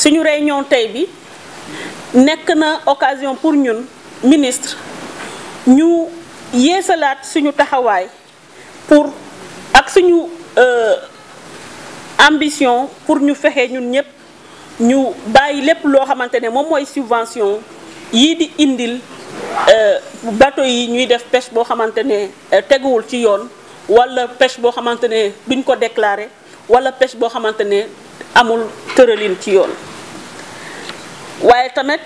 suñu réunion tey bi nekk na occasion pour ñun ministre ñu yeesalaat suñu taxawaay pour ak suñu euh, ambition pour ñu fexe ñun ñëpp ñu bàyyi lépp loo xamante ne moom mooy subvention yii di indil euh, bateau yi ñuy def pêche boo xamante ne euh, teguwul ci yoon wala pêche boo xamante ne duñ ko déclaré wala pêche boo xamante ne amul tëralin ci yoon waaye tamit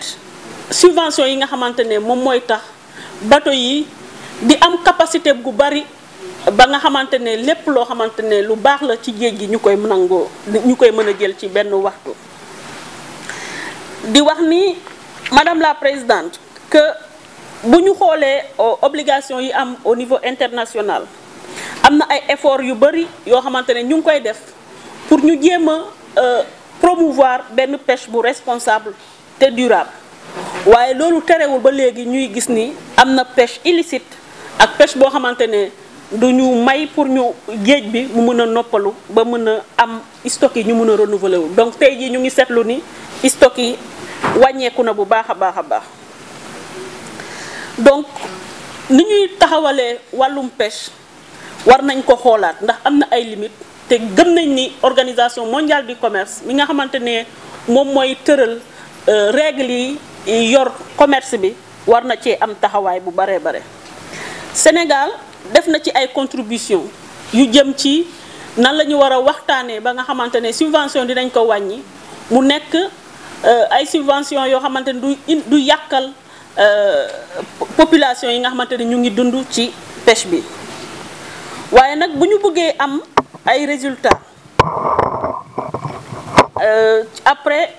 subvention yi nga xamante ne moom mooy tax bato yi di am capacité gu bari ba nga xamante ne lépp loo xamante ne lu baax la ci géej gi ñu koy nangoo ñu koy mën a jël ci benn waxtu di wax ni madame la présidente que bu ñu xoolee euh, obligation yi am au niveau international am na ay effort yu bari yoo xamante ne ñu ngi koy def pour ñu jéem a euh, promouvoir benn pêche bu responsable te durable waaye loolu terewul ba léegi ñuy gis ni am na pêche illicite ak pêche boo xamante ne du ñu may pour ñu géej bi mu mën a noppalu ba mën a am stock yi ñu mën a renouveler wu donc tey jii ñu ngi seetlu ni stock yi wàññeeku na bu baax a baax a baax donc ni ñuy taxawalee wàllum pêche war nañ ko xoolaat ndax am na ay limites te gëm nañ ni organisation mondial du commerce mi nga xamante ne moom mooy tëral. Euh, règle yi yor commerce bi war na cee am taxawaay bu baree bare Sénégal def na ci ay contribution yu jëm ci nan la ñu war a waxtaanee ba nga xamante ne subvention dinañ ko wàññi mu nekk euh, ay subvention yoo xamante ne du du yàqal euh, population yi nga xamante ne ñu ngi dund ci pêche bi waaye nag bu ñu bëggee am ay résultats après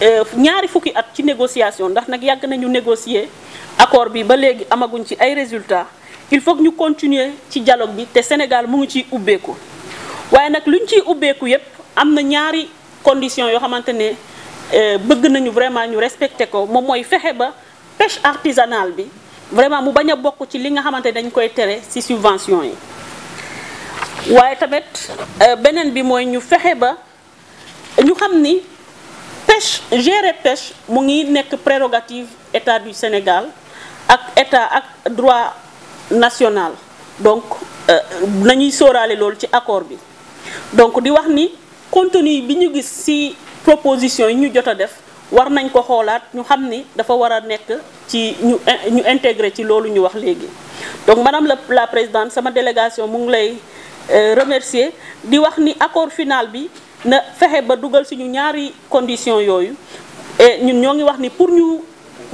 Euh, ñaari fukki at ci négociation ndax nag yàgg nañu négocier accord bi ba léegi amaguñ ci ay résultats il faut ñu continuer ci dialogue bi te Sénégal mu ngi ciy ubbeeku waaye nag luñ ciy ubbeeku yëpp am na ñaari conditions yoo xamante ne euh, bëgg nañu vraiment ñu respecté ko moom mooy fexe ba pêche artisanale bi vraiment mu bañ a bokk ci li nga xamante ni dañ koy tere ci subvention yi waaye tamit euh, beneen bi mooy ñu fexe ba ñu xam ni. pêche gérer pêche mu ngi nekk prérogative état du Sénégal ak état ak droit national donc euh, nañuy sorale loolu ci accord bi donc di wax ni contenu bi ñu gis ci proposition yi ñu jot a def war nañ ko xoolaat ñu xam ni dafa war a nekk ci ñu ñu intégré ci loolu ñu wax léegi donc madame la la présidente sama délégation mu ngi lay euh, remercier di wax ni accord final bi na fexe ba dugal suñu ñaari condition yooyu ñun ñoo ngi wax ni pour ñu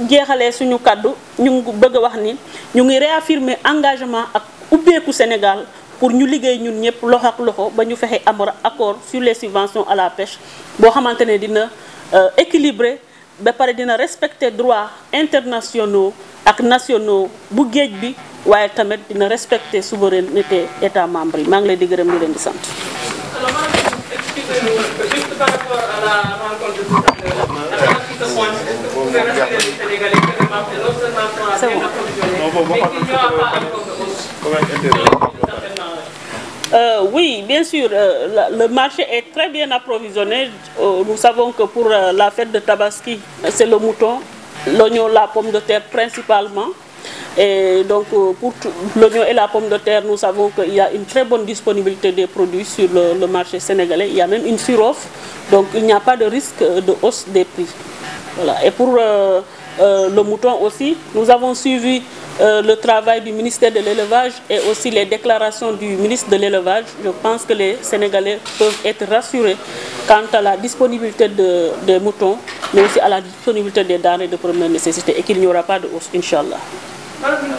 jeexalee suñu kàddu ñu ngi bëgg a wax ni ñu ngi réaffirmer engagement ak ubbeeku Sénégal pour ñu liggéey ñun ñëpp loxo ak loxo ba ñu fexe am accord sur les subventions à la pêche boo xamante ne dina euh, équilibré ba pare dina respecter droits internationaux ak nationaux bu géej bi waaye tamit dina respecter souveraineté état membre yi maa ngi leen di gërëm di leen di sant. juste par rapport à la rencontre de tout à l'heure, qui se pointe, est-ce que vous pouvez rassurer les Sénégalais que le marché non seulement sera bien approvisionné, mais qu'il n'y aura pas encore de euh, oui, bien sûr, euh, la, le marché est très bien approvisionné. Euh, nous savons que pour euh, la fête de Tabaski, c'est le mouton, l'oignon, la pomme de terre principalement. Et donc, euh, pour l'oignon et la pomme de terre, nous savons qu'il y a une très bonne disponibilité des produits sur le, le marché sénégalais. Il y a même une suroffre, donc il n'y a pas de risque de hausse des prix. Voilà. Et pour euh, euh, le mouton aussi, nous avons suivi euh, le travail du ministère de l'élevage et aussi les déclarations du ministre de l'élevage. Je pense que les Sénégalais peuvent être rassurés quant à la disponibilité de, des moutons, mais aussi à la disponibilité des denrées de première nécessité et qu'il n'y aura pas bala ñu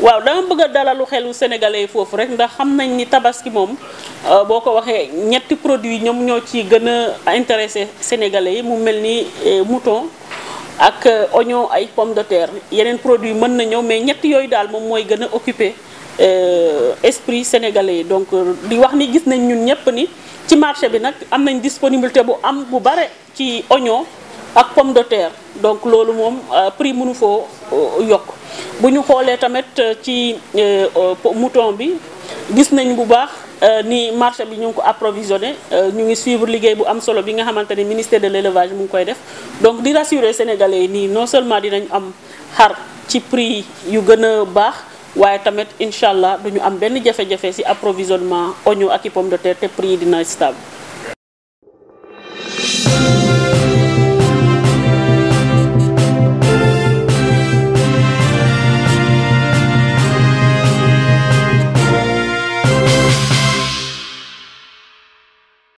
waaw dama bëgg a dalalu xelu Sénégalais yi foofu rek ndax xam nañ ni tabaski moom euh, boo ko waxee ñetti produit ñoom ñoo ci gën a intéressé Sénégalais yi mu mel ni euh, mouton ak euh, oignon ay pomme de terre yeneen produit mën na ñëw mais ñetti yooyu daal moom mooy gën a occupé esprit sénégalais yi donc di wax ni gis nañ ñun ñëpp ni. ci marché bi nag am nañ disponibilité bu am bu bare ci oignon ak pomme de terre donc loolu moom euh, prix mënu foo euh, yokk bu ñu xoolee tamit euh, ci mouton bi gis nañ bu baax ni marché bi ñu ngi ko approvisionné ñu ngi suivre liggéey bu am solo bi nga xamante ni ministère de l' élevage mu ngi koy def donc di rassurer sénégalais yi nii non seulement dinañ am xar ci prix yu gën a baax waaye tamit incha allah du ñu am benn jafe-jafe ci approvisionnement oignon ak i pomme de terre te prix yi dina stable.